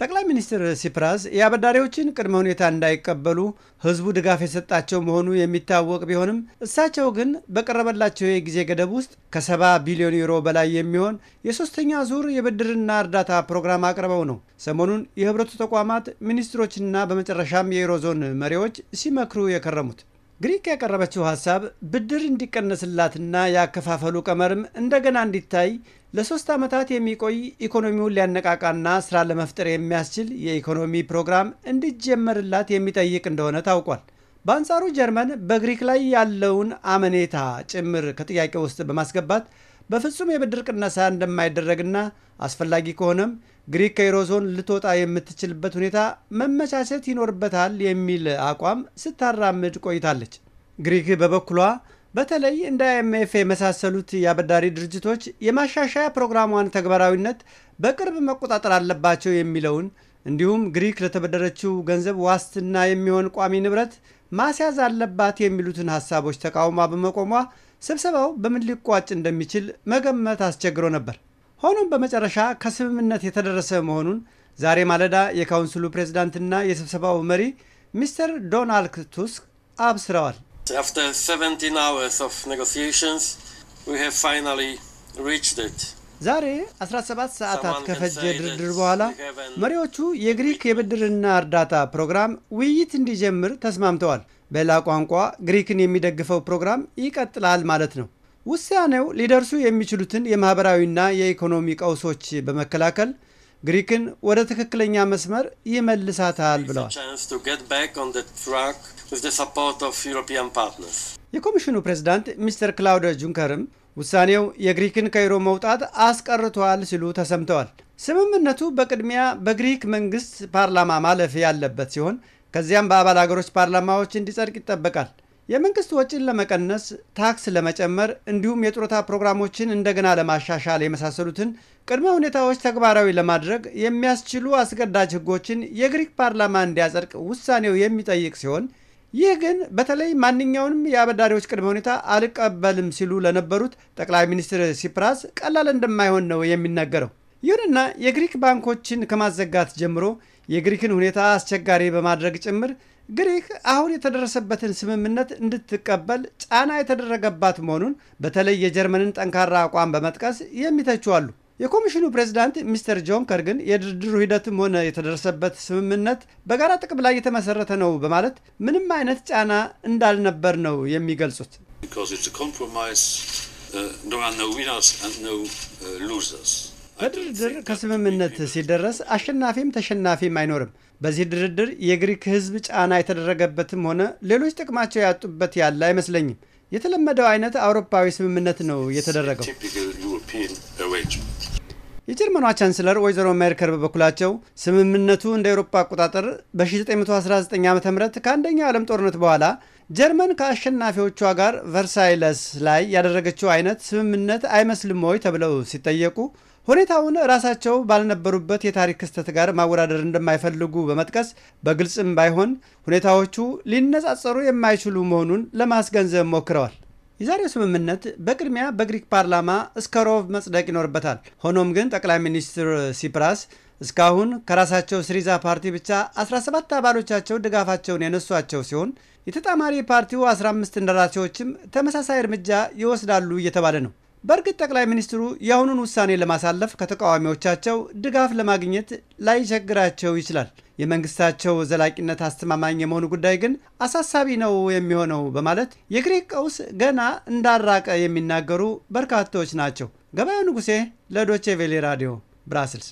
ጠቅላይ ሚኒስትር ሲፕራስ የአበዳሪዎችን ቅድመ ሁኔታ እንዳይቀበሉ ህዝቡ ድጋፍ የሰጣቸው መሆኑ የሚታወቅ ቢሆንም እሳቸው ግን በቀረበላቸው የጊዜ ገደብ ውስጥ ከሰባ ቢሊዮን ዩሮ በላይ የሚሆን የሶስተኛ ዙር የብድርና እርዳታ ፕሮግራም አቅርበው ነው ሰሞኑን የህብረቱ ተቋማት ሚኒስትሮችና በመጨረሻም ዞን መሪዎች ሲመክሩ የከረሙት። ግሪክ ያቀረበችው ሀሳብ ብድር እንዲቀነስላትና ያከፋፈሉ ቀመርም እንደገና እንዲታይ ለሶስት ዓመታት የሚቆይ ኢኮኖሚውን ሊያነቃቃና ስራ ለመፍጠር የሚያስችል የኢኮኖሚ ፕሮግራም እንዲጀመርላት የሚጠይቅ እንደሆነ ታውቋል። በአንጻሩ ጀርመን በግሪክ ላይ ያለውን አመኔታ ጭምር ከጥያቄ ውስጥ በማስገባት በፍጹም የብድር ቅነሳ እንደማይደረግና አስፈላጊ ከሆነም ግሪክ ከዩሮዞን ልትወጣ የምትችልበት ሁኔታ መመቻቸት ይኖርበታል የሚል አቋም ስታራምድ ቆይታለች። ግሪክ በበኩሏ በተለይ እንደ አይኤምኤፍ የመሳሰሉት የአበዳሪ ድርጅቶች የማሻሻያ ፕሮግራሟን ተግባራዊነት በቅርብ መቆጣጠር አለባቸው የሚለውን እንዲሁም ግሪክ ለተበደረችው ገንዘብ ዋስትና የሚሆን ቋሚ ንብረት ማስያዝ አለባት የሚሉትን ሀሳቦች ተቃውማ በመቆሟ ስብሰባው በምን ሊቋጭ እንደሚችል መገመት አስቸግሮ ነበር። ሆኖም በመጨረሻ ከስምምነት የተደረሰ መሆኑን ዛሬ ማለዳ የካውንስሉ ፕሬዝዳንትና የስብሰባው መሪ ሚስተር ዶናልድ ቱስክ አብስረዋል። ዛሬ 17 ሰዓታት ከፈጀ ድርድር በኋላ መሪዎቹ የግሪክ የብድርና እርዳታ ፕሮግራም ውይይት እንዲጀምር ተስማምተዋል። በሌላ ቋንቋ ግሪክን የሚደግፈው ፕሮግራም ይቀጥላል ማለት ነው። ውሳኔው ሊደርሱ የሚችሉትን የማኅበራዊና የኢኮኖሚ ቀውሶች በመከላከል ግሪክን ወደ ትክክለኛ መስመር ይመልሳታል ብለዋል። የኮሚሽኑ ፕሬዝዳንት ሚስተር ክላውደ ጁንከርም ውሳኔው የግሪክን ከይሮ መውጣት አስቀርቷል ሲሉ ተሰምተዋል። ስምምነቱ በቅድሚያ በግሪክ መንግስት ፓርላማ ማለፍ ያለበት ሲሆን ከዚያም በአባል አገሮች ፓርላማዎች እንዲጸድቅ ይጠበቃል። የመንግስት ወጪን ለመቀነስ ታክስ ለመጨመር እንዲሁም የጡረታ ፕሮግራሞችን እንደገና ለማሻሻል የመሳሰሉትን ቅድመ ሁኔታዎች ተግባራዊ ለማድረግ የሚያስችሉ አስገዳጅ ህጎችን የግሪክ ፓርላማ እንዲያጸድቅ ውሳኔው የሚጠይቅ ሲሆን ይህ ግን በተለይ ማንኛውንም የአበዳሪዎች ቅድመ ሁኔታ አልቀበልም ሲሉ ለነበሩት ጠቅላይ ሚኒስትር ሲፕራስ ቀላል እንደማይሆን ነው የሚነገረው። ይሁንና የግሪክ ባንኮችን ከማዘጋት ጀምሮ የግሪክን ሁኔታ አስቸጋሪ በማድረግ ጭምር ግሪክ አሁን የተደረሰበትን ስምምነት እንድትቀበል ጫና የተደረገባት መሆኑን በተለይ የጀርመንን ጠንካራ አቋም በመጥቀስ የሚተቹ አሉ። የኮሚሽኑ ፕሬዚዳንት ሚስተር ጆን ግን የድርድሩ ሂደትም ሆነ የተደረሰበት ስምምነት በጋራ ጥቅም ላይ የተመሰረተ ነው በማለት ምንም አይነት ጫና እንዳልነበር ነው የሚገልጹት። ድርድር ከስምምነት ሲደረስ አሸናፊም ተሸናፊም አይኖርም። በዚህ ድርድር የግሪክ ሕዝብ ጫና የተደረገበትም ሆነ ሌሎች ጥቅማቸው ያጡበት ያለ አይመስለኝም። የተለመደው አይነት አውሮፓዊ ስምምነት ነው የተደረገው። የጀርመኗ ቻንስለር ወይዘሮ ሜርከል በበኩላቸው ስምምነቱ እንደ አውሮፓ አቆጣጠር በ1919 ዓ ም ከአንደኛው ዓለም ጦርነት በኋላ ጀርመን ከአሸናፊዎቿ ጋር ቨርሳይለስ ላይ ያደረገችው አይነት ስምምነት አይመስልም ወይ ተብለው ሲጠየቁ ሁኔታውን ራሳቸው ባልነበሩበት የታሪክ ክስተት ጋር ማወዳደር እንደማይፈልጉ በመጥቀስ በግልጽም ባይሆን ሁኔታዎቹ ሊነጻጸሩ የማይችሉ መሆኑን ለማስገንዘብ ሞክረዋል። የዛሬው ስምምነት በቅድሚያ በግሪክ ፓርላማ እስከ ሮብ መጽደቅ ይኖርበታል። ሆኖም ግን ጠቅላይ ሚኒስትር ሲፕራስ እስካሁን ከራሳቸው ስሪዛ ፓርቲ ብቻ 17 አባሎቻቸው ድጋፋቸውን የነሷቸው ሲሆን የተጣማሪ ፓርቲው 15 እንደራሴዎችም ተመሳሳይ እርምጃ ይወስዳሉ እየተባለ ነው። በእርግጥ ጠቅላይ ሚኒስትሩ የአሁኑን ውሳኔ ለማሳለፍ ከተቃዋሚዎቻቸው ድጋፍ ለማግኘት ላይቸግራቸው ይችላል። የመንግስታቸው ዘላቂነት አስተማማኝ የመሆኑ ጉዳይ ግን አሳሳቢ ነው የሚሆነው በማለት የግሪክ ቀውስ ገና እንዳራቀ የሚናገሩ በርካቶች ናቸው። ገበያው ንጉሴ ለዶቼ ቬሌ ራዲዮ ብራስልስ